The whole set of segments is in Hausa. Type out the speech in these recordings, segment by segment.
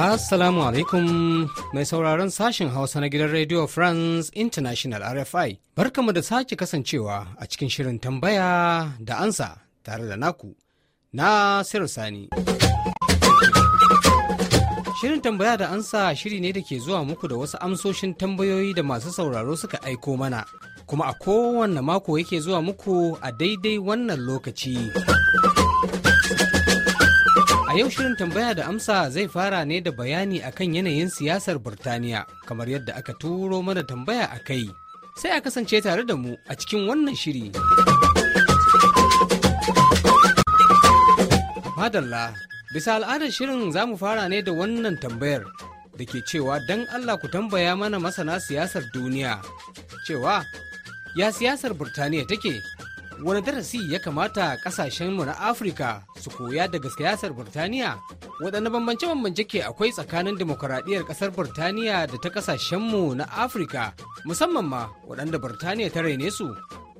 Assalamu alaikum mai sauraron sashen Hausa na gidan Radio France International RFI. Barkamu da sake kasancewa a cikin shirin tambaya da ansa tare da naku na Sani. Shirin tambaya da ansa shiri ne da ke zuwa muku da wasu amsoshin tambayoyi da masu sauraro suka aiko mana, kuma a kowane mako yake zuwa muku a daidai wannan lokaci. A yau shirin tambaya da amsa zai fara ne da bayani akan yanayin siyasar Burtaniya, kamar yadda aka turo mana tambaya a kai. Sai a kasance tare da mu a cikin wannan shiri. Madalla Bisa al'adar shirin za mu fara ne da wannan tambayar da ke cewa don Allah ku tambaya mana masana siyasar duniya cewa ya siyasar Burtaniya take wani darasi ya kamata mu na Afirka su koya daga siyasar Burtaniya waɗanne bambance-bambance ke akwai tsakanin demokuraɗiyyar ƙasar Burtaniya da ta mu na Afirka musamman ma waɗanda Burtaniya ta raine su.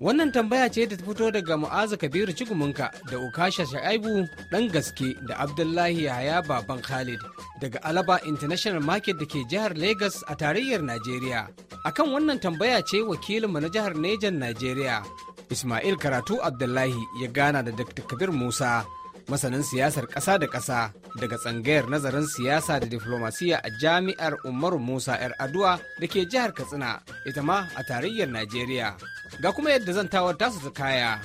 Wannan tambaya ce ta fito daga Mu'azu Kabiru Cigumunka da Ukasha Shaibu ɗan gaske da Abdullahi Yahaya Baban Khalid daga Alaba International Market da ke jihar Lagos a tarayyar Najeriya. Akan wannan tambaya ce wakilinmu na jihar Nejan Najeriya, Ismail Karatu Abdullahi ya gana da Dr. Kabir Musa, masanin siyasar ƙasa da ƙasa daga tsangayar nazarin siyasa da diflomasiya a Jami'ar Umaru Musa 'yar Aduwa da ke jihar Katsina, ita ma a tarayyar Najeriya. Ga kuma yadda zan tawar tasu kaya.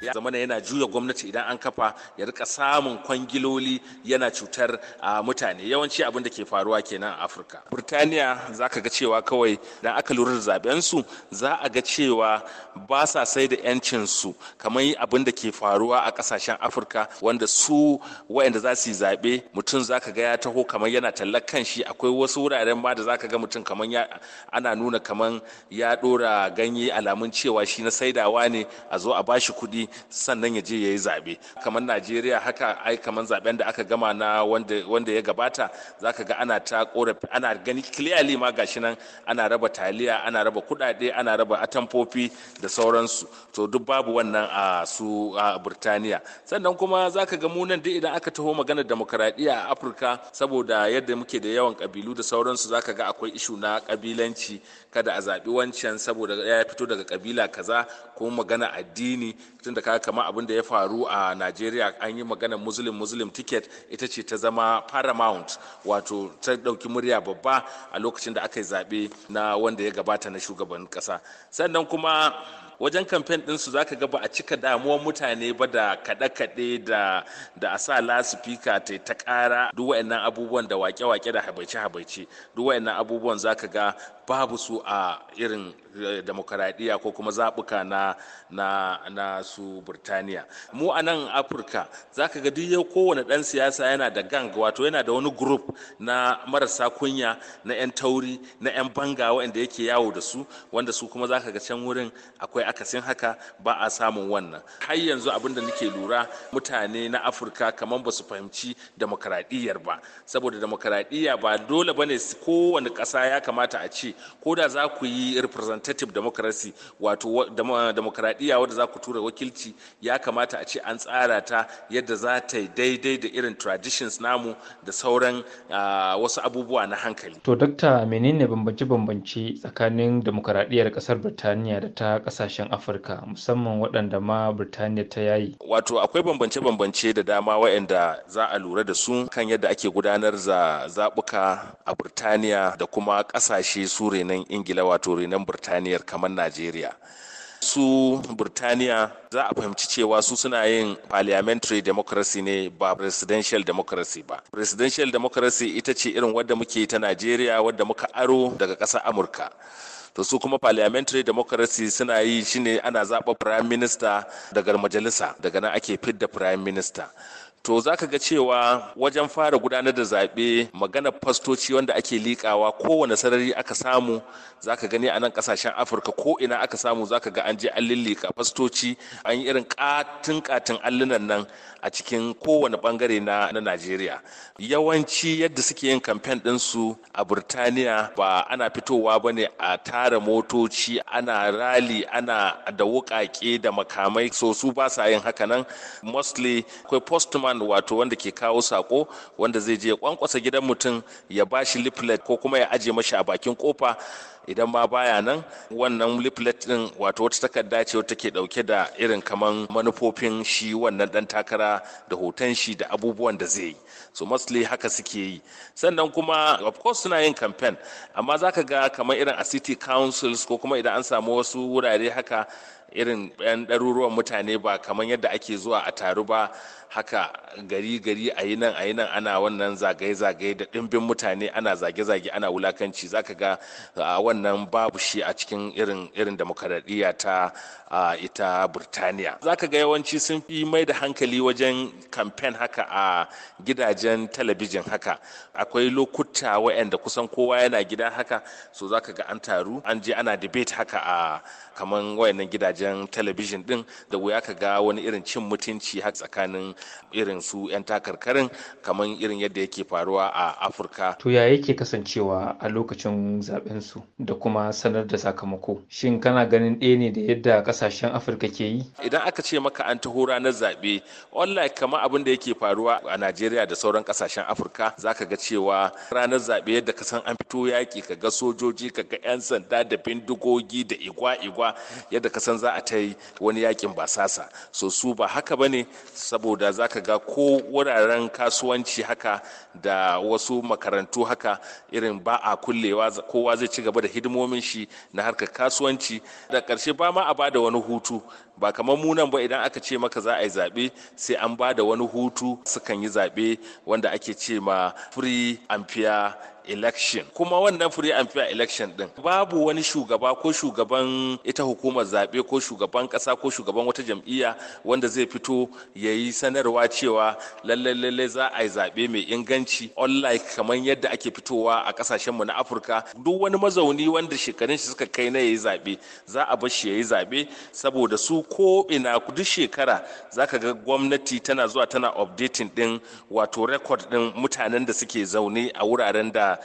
ya zama yana juya gwamnati idan an kafa ya rika samun kwangiloli yana cutar a mutane yawanci abin da ke faruwa kenan a afirka burtaniya za ka ga cewa kawai dan aka lura da zaɓensu za a ga cewa ba sa sai da yancinsu kamar abin da ke faruwa a ƙasashen afirka wanda su wayanda za su yi zaɓe mutum za ka ga ya taho kamar yana tallar kan shi akwai wasu wuraren ma da za ka ga mutum kamar ya ana nuna kamar ya ɗora ganye alamun cewa shi na saidawa ne a zo a bashi kuɗi sannan ya je ya yi zaɓe kamar najeriya haka ai kamar zaɓen da aka gama na wanda ya gabata za ka ga ana ta korafi ana gani clearly ma gashi nan ana raba taliya ana raba kuɗaɗe ana raba atamfofi da sauransu to duk babu wannan a su a burtaniya sannan kuma zaka ga mu nan duk idan aka taho maganar demokaradiyya a afirka saboda yadda muke da yawan kabilu da sauransu za ka ga akwai ishu na kabilanci kada a zaɓi wancan saboda ya fito daga kabila kaza ko magana addini tun da kaga kamar abin da ya faru a Najeriya an yi magana muslim muslim ticket ita ce ta zama paramount wato ta ɗauki murya babba a lokacin da aka yi zaɓe na wanda ya gabata na shugaban kasa sannan kuma wajen kamfen ɗinsu za ka ga ba a cika damuwar mutane ba da kaɗe-kaɗe da a sa lasifika ta ta ƙara duk wa'annan abubuwan da wake-wake da habaice-habaice duk abubuwan za ka ga babu su a irin eh, demokaradiyya ko kuma zaɓuka na, na, na su burtaniya mu a nan afirka za ka ga duk kowane ɗan siyasa yana da gang wato yana da wani group na marasa kunya na 'yan tauri na 'yan banga wanda yake yawo da su wanda su kuma za ka ga can wurin akwai akasin haka ba a samun wannan har yanzu abin da nake lura mutane na afirka kamar ba su fahimci demokaradiyyar ba saboda demokaradiyya ba dole ba ne kowane ƙasa ya kamata a ce ko da za ku yi representative democracy wato demokradiyya wadda za ku tura wakilci ya kamata a ce an tsara ta yadda za ta yi daidai da irin traditions namu da sauran ah, wasu abubuwa na hankali to Dokta, menene bambance-bambance tsakanin demokradiyyar kasar birtaniya da ta kasashen afirka musamman waɗanda ma birtaniya ta yayi wato akwai bambance-bambance da dama waɗanda za a lura da su kan yadda ake gudanar da zaɓuka a birtaniya da kuma ƙasashe su masu renon ingila wato renon birtaniyar kamar najeriya su birtaniya za a fahimci cewa su suna yin parliamentary democracy ne ba presidential democracy ba. Presidential democracy ita ce irin wadda muke ta Najeriya wadda muka aro daga ƙasar Amurka. To su kuma parliamentary democracy suna yi shine ana zaɓa prime minister daga majalisa daga nan ake fidda prime minister. to za ka ga cewa wajen fara gudanar da zaɓe magana fastoci wanda ake liƙawa kowane sarari aka samu za ka gani a nan ƙasashen afirka ko ina aka samu za ka ga an je an lilliƙa fastoci an yi irin ƙatin ƙatin allunan nan a cikin kowane ɓangare na na najeriya yawanci yadda suke yin kamfen ɗinsu a burtaniya ba ana fitowa ba ne a tara motoci ana rali ana da wuƙaƙe da makamai so su ba sa yin haka nan mostly akwai postman mailman wato wanda ke kawo sako wanda zai je ya kwankwasa gidan mutum ya bashi leaflet ko kuma ya aje mashi a bakin kofa idan ma baya nan wannan leaflet din wato wata takarda ce wata ke dauke da irin kaman manufofin shi wannan dan takara da hoton shi da abubuwan da zai yi so mostly haka suke yi sannan kuma of course suna yin campaign amma zaka ga kamar irin a city councils ko kuma idan an samu wasu wurare haka irin 'yan ɗaruruwan mutane ba kamar yadda ake zuwa a taru ba haka gari gari a yi nan a yi nan ana wannan zagaye-zagaye da ɗimbin mutane ana zage-zage ana wulakanci zaka ga wannan babu shi a cikin irin irin demokaradiyya ta ita burtaniya zaka ga yawanci sun fi mai da hankali wajen kamfen haka a gidajen talabijin haka akwai lokuta waɗanda kusan kowa yana gida haka so zaka ga an taru an je ana debate haka a kaman wayannan gidajen gidajen talabijin din da wuya ka ga wani irin cin mutunci har tsakanin irin su 'yan takarkarin kamar irin yadda yake faruwa a afirka to ya yake kasancewa a lokacin zaben su da kuma sanar da sakamako shin kana ganin ɗaya ne da yadda kasashen afirka ke yi idan aka ce maka an taho ranar zaɓe online kamar abin da yake faruwa a najeriya da sauran kasashen afirka zaka ga cewa ranar zaɓe yadda ka san an fito yaƙi ka ga sojoji ka ga 'yan sanda da bindigogi da igwa-igwa yadda ka san za za a ta yi wani yakin basasa so su ba haka ba ne saboda za ka ga ko wuraren kasuwanci haka da wasu makarantu haka irin ba a kullewa kowa zai ci gaba da hidimomin shi na harka kasuwanci da ƙarshe ba ma a ba da wani hutu ba kamar munan ba idan aka ce maka za a yi zaɓe sai an ba da wani hutu sukan yi zaɓe wanda ake ce ma free amfiya. election kuma wannan free and fair election din babu wani shugaba ko shugaban ita hukumar zaɓe ko shugaban ƙasa ko shugaban wata jam'iyya wanda zai fito ya yi sanarwa cewa lallai lallai za a yi zaɓe mai inganci online kamar yadda ake fitowa a ƙasashenmu na afirka duk wani mazauni wanda shekarun shi suka kai na ya yi zaɓe za a bar shi ya yi zaɓe saboda su ko ina duk shekara za ka ga gwamnati tana zuwa tana updating din wato record din mutanen da suke zaune a wuraren da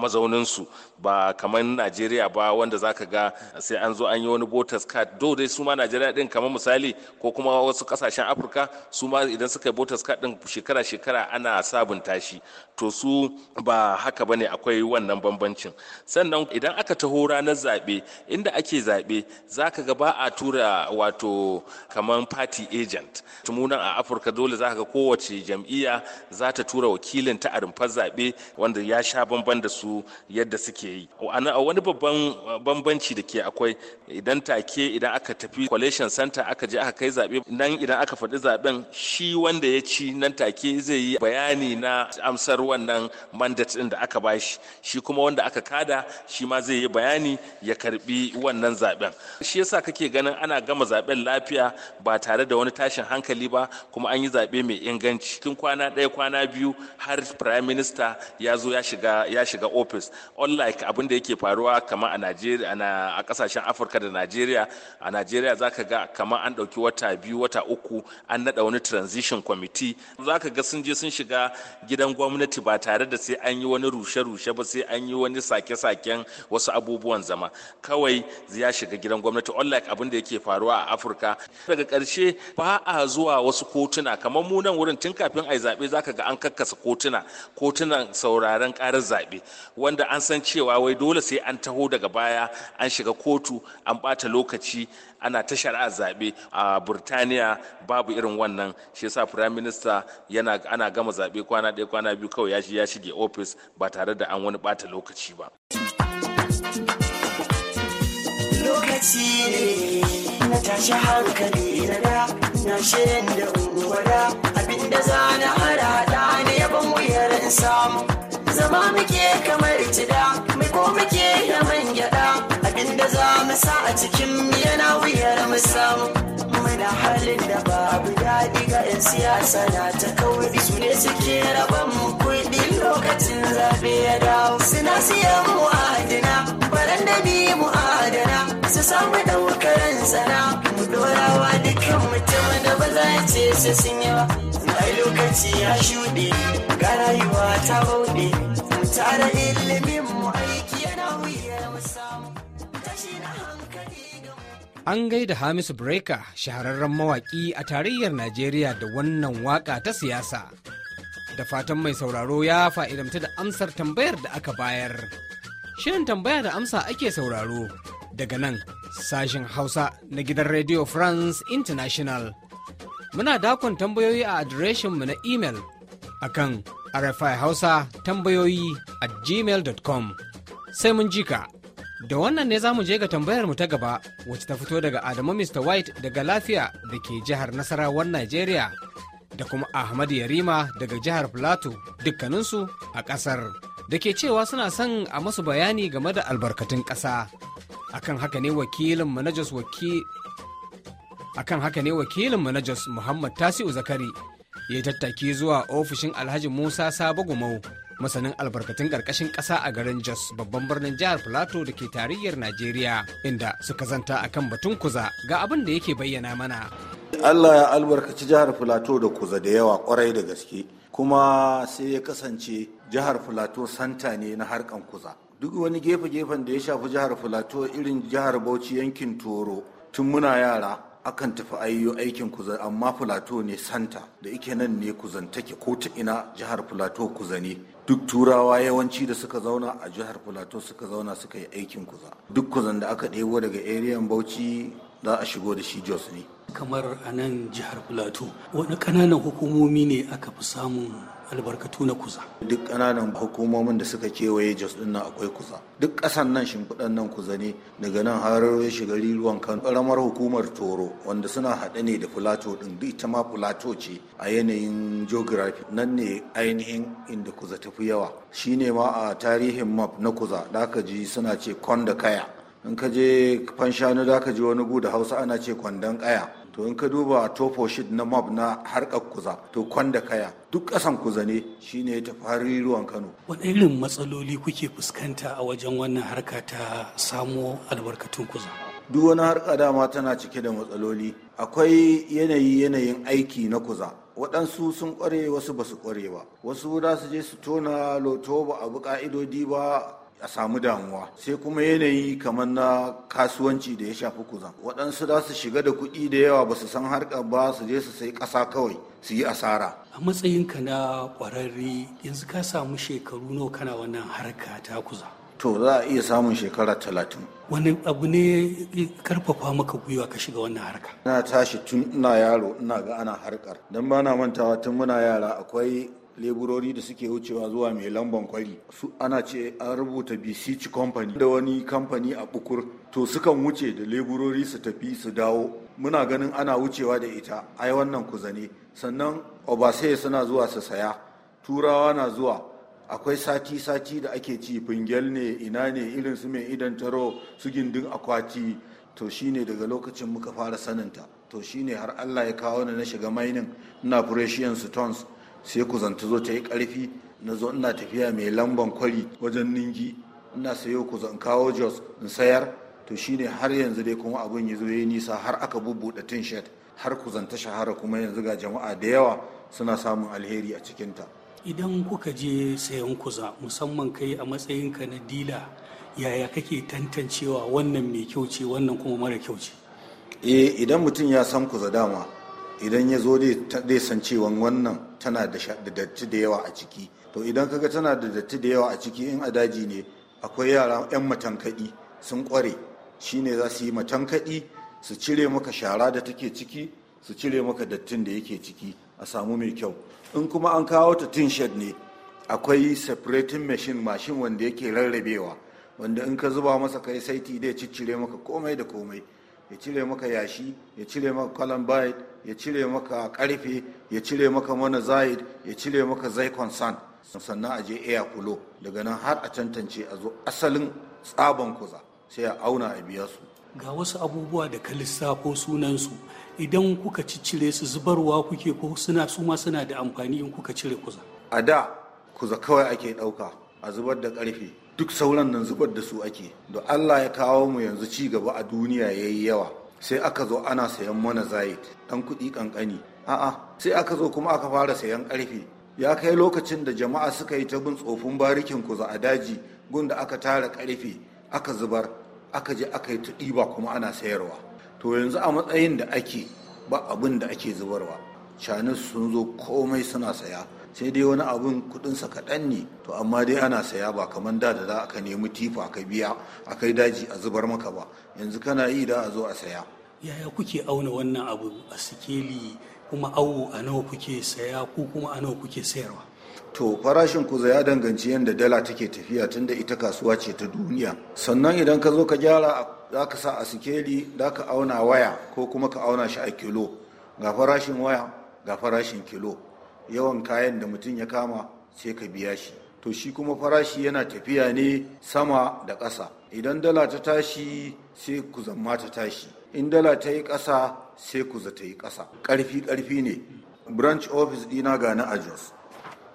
mazauninsu ba kamar najeriya ba wanda zaka ga sai an zo an yi wani voters card do dai su ma najeriya din kamar misali ko kuma wasu kasashen afirka su ma idan suka yi voters card din shekara shekara ana sabunta shi to su ba haka bane akwai wannan bambancin sannan idan aka taho ranar zaɓe inda ake zaɓe zaka ga ba a tura wato kamar party agent tumunan a afirka dole zaka ga kowace jam'iyya za ta tura wakilin ta a rumfar zaɓe wanda ya sha bamban da su yadda suke yi a wani babban eh, bambanci da ke akwai idan take idan aka tafi collation center aka je aka kai zaɓe nan idan aka faɗi zaɓen shi wanda ya ci nan take zai yi bayani na amsar wannan mandate ɗin da aka bashi shi kuma wanda aka kada shi ma zai yi bayani ya karbi wannan zaɓen shi yasa kake ganin ana gama zaɓen lafiya ba tare da wani tashin hankali ba kuma an yi zaɓe mai inganci tun kwana ɗaya kwana biyu har prime minister ya zo ya shiga ya shiga office unlike abin da yake faruwa kama a Najeriya a kasashen Afirka da Najeriya a Najeriya ka ga kamar an ɗauki wata biyu wata uku an naɗa wani transition committee za ka ga sun je sun shiga gidan gwamnati ba tare da sai an yi wani rushe-rushe ba sai an yi wani sake-saken wasu abubuwan zama kawai ya shiga gidan gwamnati unlike abin da yake faruwa a Afirka daga karshe ba a zuwa wasu kotuna kamar mu nan wurin tun kafin a yi zaɓe ka ga an kakkasa kotuna kotunan sauraren ƙarar zaɓe wanda an san cewa cewa wai dole sai an taho daga baya an shiga kotu an ɓata lokaci ana ta shari'a zaɓe a burtaniya babu irin wannan shi yasa prime minister yana ana gama zaɓe kwana ɗaya kwana biyu kawai ya ya shige office ba tare da an wani bata lokaci ba lokaci na tashi hankali na da na shirin da unguwa da abinda zana muke kamar cida mai ko muke da man gyada abinda za mu sa a cikin yana wuyar mu samu muna halin da babu daɗi ga 'yan siyasa na ta kawai su ne suke raban mu kuɗi lokacin zaɓe ya dawo suna siyan mu adina baran da bi mu adana su samu ɗaukaran sana mu ɗorawa dukkan mutum da ba za ce su sun yi ba lokaci ya shuɗe ga rayuwa ta bauɗe An gaida Hamisu Breaker shahararren mawaƙi a tarayyar Najeriya da wannan waƙa ta siyasa. Da fatan mai sauraro ya fa'idamta da amsar tambayar da aka bayar. Shirin tambaya da amsa ake sauraro daga nan sashen Hausa na gidan Radio France International. Muna dakon tambayoyi a adireshinmu na imel akan rfi hausa tambayoyi at gmail.com sai mun jika. Da wannan ne za mu je ga tambayar mu ta gaba wacce ta fito daga Adamu Mr. White daga Lafiya da ke jihar Nasarawar Najeriya da kuma Ahmad Yarima daga jihar Filato dukkaninsu a ƙasar da ke cewa suna son a masu bayani game da albarkatun ƙasa. Akan haka ne wakilin manajas waki akan haka ne wakilin manajas Muhammad Tasi'u Zakari ya tattaki zuwa ofishin Alhaji Musa Sabo Gumau masanin albarkatun ƙarƙashin ƙasa a garin Jos babban birnin jihar Plateau da ke tarayyar Najeriya inda suka zanta akan batun kuza ga abin da yake bayyana mana. Allah ya albarkaci jihar Filato da kuza da yawa kwarai da gaske kuma sai ya kasance jihar Filato santa ne na harkan kuza. Duk wani gefe-gefen da ya shafi jihar Filato irin jihar Bauchi yankin Toro tun muna yara akan tafi ayyo aikin kuza amma Filato ne santa da ike nan ne kuzantake ko ta ina jihar Filato kuza ne. duk turawa yawanci da suka zauna a jihar plateau suka zauna suka yi aikin kuza duk kuzan da aka ɗebo daga eriyan bauchi za a shigo da shi jos ne kamar a nan jihar plateau wani kananan hukumomi ne aka fi samun albarkatu na kusa. duk ƙananan hukumomin da suka kewaye jos din nan akwai kusa. duk ƙasan nan shimfiɗan nan kuza ne daga nan har ya shiga riruwan kan ƙaramar hukumar toro wanda suna haɗe ne da plateau ɗin duk ita ma plateau ce a yanayin geography nan ne ainihin inda kuza fi yawa shine ma a tarihin map na kuza da ji suna ce kon kaya in ka je fanshanu da ka ji wani gu da hausa ana ce kwandon kaya to in ka duba topo sheet na map na harkar kuza to kwanda kaya duk kasan kuza ne shine ya tafi ruwan kano wani irin matsaloli kuke fuskanta a wajen wannan harka ta samo albarkatun kuza duk wani harka dama tana cike da matsaloli akwai yanayi yanayin aiki na kuza waɗansu sun ƙware wasu ba su ƙware ba wasu za su je su tona loto ba abu ƙa'idodi ba a samu damuwa sai kuma yanayi kamar na kasuwanci da ya shafi kuzan waɗansu za su shiga da kuɗi da yawa ba su san harka ba su je su sai ƙasa kawai su yi asara a matsayinka na ƙwararre yanzu ka samu shekaru nawa kana wannan harka ta kuza to za a iya samun shekara talatin wani abu ne karfafa maka gwiwa ka shiga wannan harka na tashi tun ina yaro ina ga ana harkar don ba na mantawa tun muna yara akwai leburori da suke wucewa zuwa mai lamban kwari su ana ce an rubuta bcc company da wani kamfani a bukur to sukan wuce da leburori su tafi su dawo muna ganin ana wucewa da ita ai wannan kuzane sannan obasai suna zuwa su saya turawa na zuwa akwai sati-sati da ake ci fingel ne ina ne irin su mai idan taro su gindin akwati to shine daga lokacin muka fara saninta to shine har allah ya kawo na shiga mainin ina precious stones sai ku zanta zo ta yi ƙarfi na zo ina tafiya mai lamban kwari wajen ningi ina sayo ku zan kawo jos in sayar to shine har yanzu dai kuma abin ya zo ya nisa har aka bubbuɗe tin shed har ku zanta shahara kuma yanzu ga jama'a da yawa suna samun alheri a cikinta idan kuka je sayan kuza musamman kai a matsayinka na dila yaya kake tantancewa wannan mai kyau ce wannan kuma mara kyau ce eh idan mutum ya san kuza dama idan ya zo dai san cewa wannan tana da datti da yawa a ciki to idan kaga tana da datti da yawa a ciki in a daji ne akwai yara 'yan matankaɗi sun kware shine za su yi matankaɗi su cire maka shara da take ciki su cire maka dattin da yake ciki a samu mai kyau in kuma an kawo ta tin shed ne akwai separating machine mashin wanda yake rarrabewa wanda in ka zuba masa kai saiti dai ciccire maka komai da komai ya cire maka yashi ya cire maka columbine ya cire maka karfe ya cire maka mana zahid ya cire maka zaikon san sannan a je iya kulo daga nan har a tantance a zo asalin tsaban kuza sai a auna a biya su ga wasu abubuwa da ka lissafo sunansu idan kuka ciccire su zubarwa kuke ko suna su ma suna da amfani in kuka cire kuza a da kuza kawai ake ɗauka a zubar da ƙarfe duk sauran nan zubar da su ake da allah ya kawo mu yanzu ci gaba a duniya ya yi yawa sai aka zo ana sayan mana zayit dan kuɗi kankani a'a sai aka zo kuma aka fara sayan ƙarfe ya kai lokacin da jama'a suka yi ta bin tsofin barikin za a daji gunda aka tara ƙarfe aka zubar aka je aka yi ta ɗiba kuma ana sayarwa to yanzu a matsayin da ake ba abin da ake zubarwa canis sun zo komai suna saya sai dai wani abun kudinsa kaɗan ne to amma dai ana saya ba kamar da da za ka nemi tifa ka biya a kai daji a zubar maka ba yanzu kana yi da a zo a saya yaya kuke auna wannan abu a sikeli kuma awo a nawa kuke saya ko kuma a nawa kuke sayarwa to farashin kuza ya danganci yadda dala take tafiya tunda ita kasuwa ce ta duniya sannan idan ka zo ka gyara za ka sa a sikeli za ka auna waya ko kuma ka auna shi a kilo ga farashin waya ga farashin kilo yawan kayan da mutum ya kama sai ka biya shi to shi kuma farashi yana tafiya ne sama da ƙasa idan dala ta tashi sai ku zamma ta tashi in dala ta yi ƙasa sai ku ta yi ƙasa ƙarfi ƙarfi ne branch office ɗina ga na jos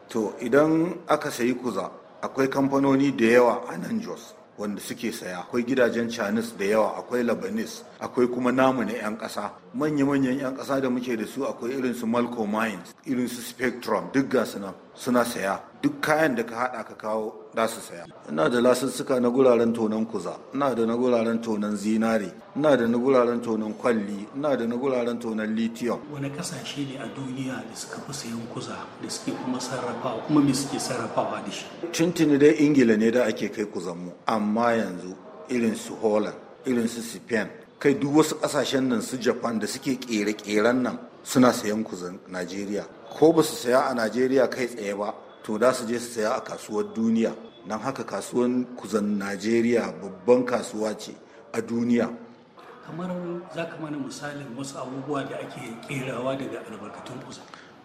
to idan aka sayi kuza akwai kamfanoni da yawa a nan jos wanda suke saya akwai gidajen chinese da yawa akwai labanis akwai kuma namu na 'yan ƙasa manya-manyan 'yan ƙasa da muke da su akwai irin su malco mines irin su spectrum duk ga suna suna saya duk kayan da ka haɗa ka kawo da su saya ina da lasussuka na guraren tonon kuza ina da na guraren tonon zinare ina da na guraren tonon kwalli ina da na guraren tonon lithium wani kasashe ne a duniya da suka fi sayan kuza da suke kuma sarrafawa kuma me suke sarrafawa da shi tuntuni dai ingila ne da ake kai kuzan mu amma yanzu irin su holland irin su spain kai duk wasu kasashen nan su japan da suke kere-keren nan suna sayan kuzin najeriya ko ba su saya a najeriya kai tsaye ba to da su je su saya a kasuwar duniya Nan haka kasuwar kuzan najeriya babban kasuwa ce a duniya kamar za ka mana misalin wasu abubuwa da ake kerawa daga albarkatun kusa.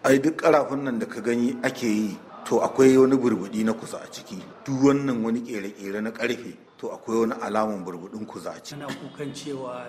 ai duk karafin nan da ka gani ake yi to akwai wani burbuɗi na kusa a ciki duk wannan wani kere-kere na karfe to akwai wani alamun burbudin kuzaci. Ana kukan cewa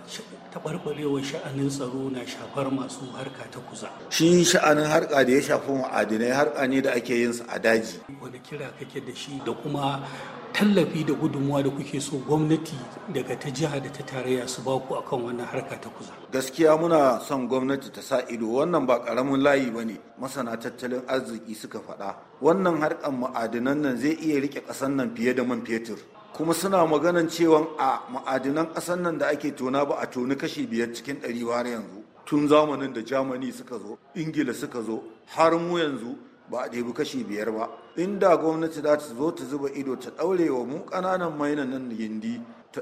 taɓarɓarewar sha'anin tsaro na shafar masu harka ta kuza. Shi sha'anin harka da ya shafi ma'adinai harka ne da ake yin su a daji. Wani kira kake da shi da kuma tallafi da gudunmuwa da kuke so gwamnati daga ta jiha da ta tarayya su ba ku akan wannan harka ta kuza. Gaskiya muna son gwamnati ta sa ido wannan ba karamin layi ba ne masana tattalin arziki suka faɗa. Wannan harkan ma'adinan nan zai iya riƙe ƙasan nan fiye da man fetur. kuma suna maganan cewa a ma'adinan ƙasar nan da ake tona ba a toni kashi biyar cikin ɗari har yanzu tun zamanin da Jamani suka zo ingila suka zo har mu yanzu ba a ɗebi kashi biyar ba inda gwamnati za ta zo ta zuba ido ta ɗaure wa mu ƙananan mainan nan gindi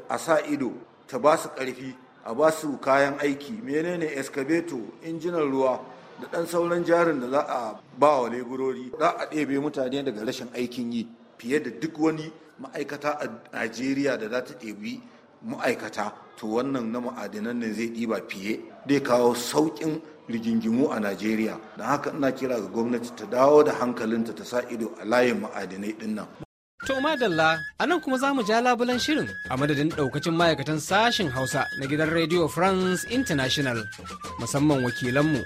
a sa ido ta ba su ƙarfi a ba su kayan aiki menene escabeto injinan ruwa da ɗan sauran jarin da za a ba wa leburori za a ɗebe mutane daga rashin aikin yi fiye da duk wani ma'aikata a najeriya da za ta ɗebi ma'aikata to wannan na ma'adinan ne zai ɗiba fiye zai kawo sauƙin rigingimu a najeriya don haka ina kira ga gwamnati ta dawo da hankalinta ta sa ido a layin ma'adinai ɗin nan To madalla a nan kuma za mu ja labulan shirin a madadin daukacin ma'aikatan sashen Hausa na gidan Radio France International musamman wakilanmu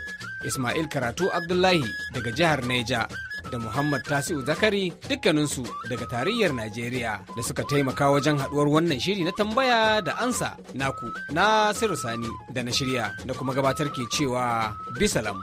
Ismail Karatu Abdullahi daga jihar Neja da Muhammad Tasiu Zakari dukkaninsu daga tarayyar Najeriya da suka taimaka wajen haɗuwar wannan shiri na tambaya da ansa naku na Sani da na shirya da kuma gabatar ke cewa bisalam.